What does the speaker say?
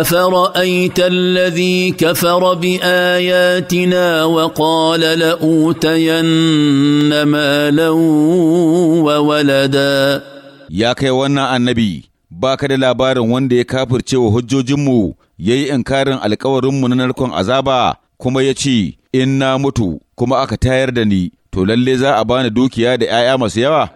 افرايت الذي كفر باياتنا وقال لاوتين مالا وولدا يا كي وانا النبي baka da labarin wanda ya kafirce wa hujjojinmu ya yi inkarin alkawarinmu na narkon azaba kuma ya ce in na mutu kuma aka tayar da ni to lalle za a bani dukiya da 'ya'ya masu yawa